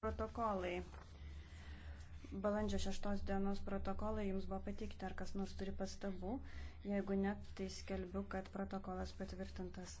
Protokolai. Balandžio 6 dienos protokolai jums buvo pateikti, ar kas nors turi pastabų. Jeigu ne, tai skelbiu, kad protokolas patvirtintas.